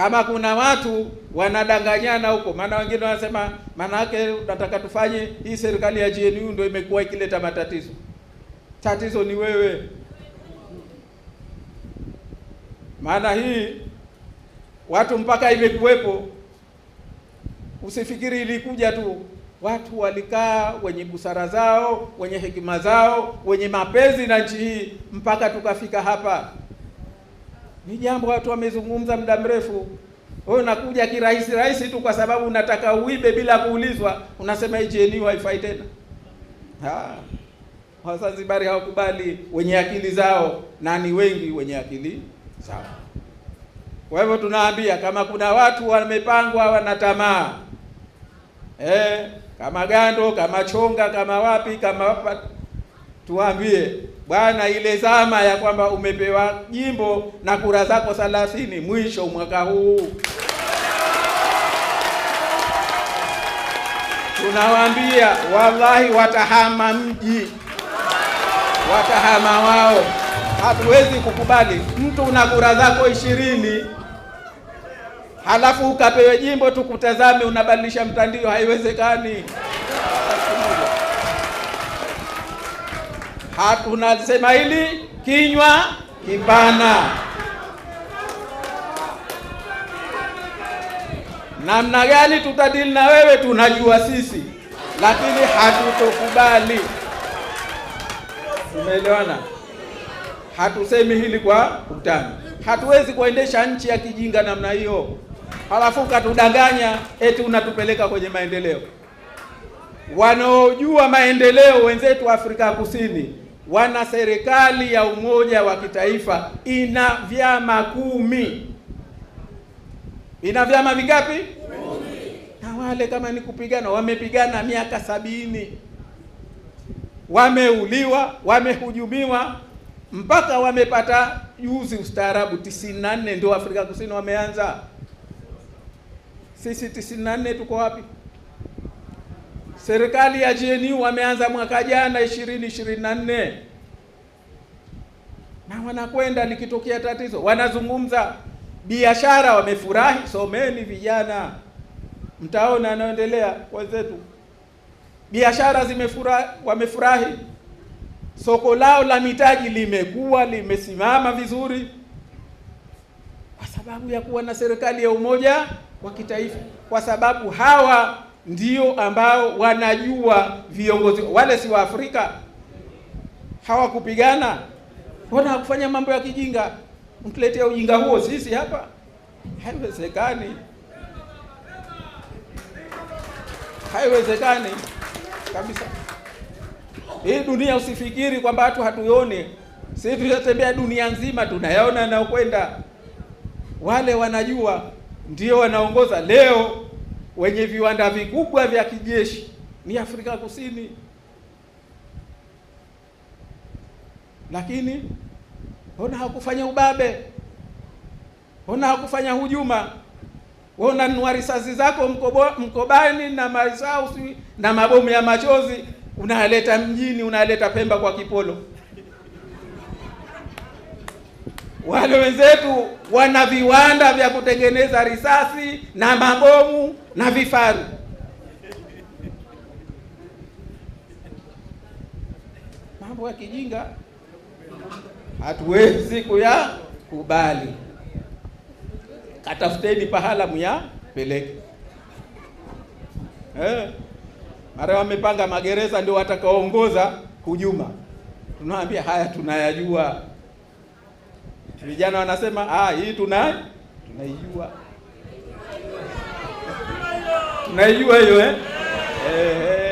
Kama kuna watu wanadanganyana huko, maana wengine wanasema, maana yake nataka tufanye hii serikali ya GNU ndio imekuwa ikileta matatizo. Tatizo ni wewe, maana hii watu mpaka imekuwepo, usifikiri ilikuja tu. Watu walikaa wenye busara zao, wenye hekima zao, wenye mapenzi na nchi hii, mpaka tukafika hapa. Ni jambo watu wamezungumza muda mrefu. Wewe unakuja kirahisi rahisi tu kwa sababu unataka uibe bila kuulizwa, unasema hii haifai tena. Ha. Wazanzibari hawakubali wenye akili zao, na ni wengi wenye akili zao. Kwa hivyo tunaambia kama kuna watu wamepangwa, wana tamaa eh, kama Gando, kama Chonga, kama wapi, kama wapi tuambie bwana, ile zama ya kwamba umepewa jimbo na kura zako thelathini mwisho mwaka huu tunawaambia wallahi, watahama mji, watahama wao. Hatuwezi kukubali mtu una kura zako ishirini halafu ukapewe jimbo tukutazame unabadilisha mtandio. Haiwezekani. tunasema hili kinywa kipana, namna gani tutadili na wewe tunajua sisi, lakini hatutokubali. Tumeelewana? Hatusemi hili kwa utani. Hatuwezi kuendesha nchi ya kijinga namna hiyo, halafu katudanganya eti unatupeleka kwenye maendeleo. Wanaojua maendeleo wenzetu Afrika Kusini wana serikali ya umoja wa kitaifa ina vyama kumi. Ina vyama vingapi? Kumi. Na wale kama ni kupigana wamepigana miaka sabini, wameuliwa, wamehujumiwa mpaka wamepata juzi ustaarabu. 94 ndio Afrika Kusini wameanza. Sisi 94 tuko wapi? serikali ya GNU wameanza mwaka jana 2024 na wanakwenda likitokea tatizo wanazungumza biashara, wamefurahi. Someni vijana, mtaona anaoendelea wenzetu. Biashara zimefurahi, wamefurahi. Soko lao la mitaji limekuwa limesimama vizuri kwa sababu ya kuwa na serikali ya umoja wa kitaifa, kwa sababu hawa ndio ambao wanajua viongozi wale, si wa Afrika hawakupigana? Mbona hawakufanya mambo ya kijinga? Mtuletea ujinga huo sisi hapa, haiwezekani, haiwezekani kabisa. Hii dunia usifikiri kwamba watu hatuioni, sisi tunatembea dunia nzima, tunayaona yanayokwenda. Wale wanajua ndio wanaongoza leo wenye viwanda vikubwa vya kijeshi ni Afrika Kusini, lakini mbona hakufanya ubabe? Mbona hakufanya hujuma? Wewe unanunua risasi zako mkobo, mkobani na marisausi na mabomu ya machozi unaleta mjini, unaleta Pemba kwa kipolo. Wale wenzetu wana viwanda vya kutengeneza risasi na mabomu na vifaru. Mambo ya kijinga hatuwezi kuyakubali. Katafuteni pahala muyapeleke. Eh, mara wamepanga magereza ndio watakaoongoza hujuma. Tunawaambia haya tunayajua. Vijana wanasema ah, hii tuna tunaijua. Naijua hiyo eh? eh, eh.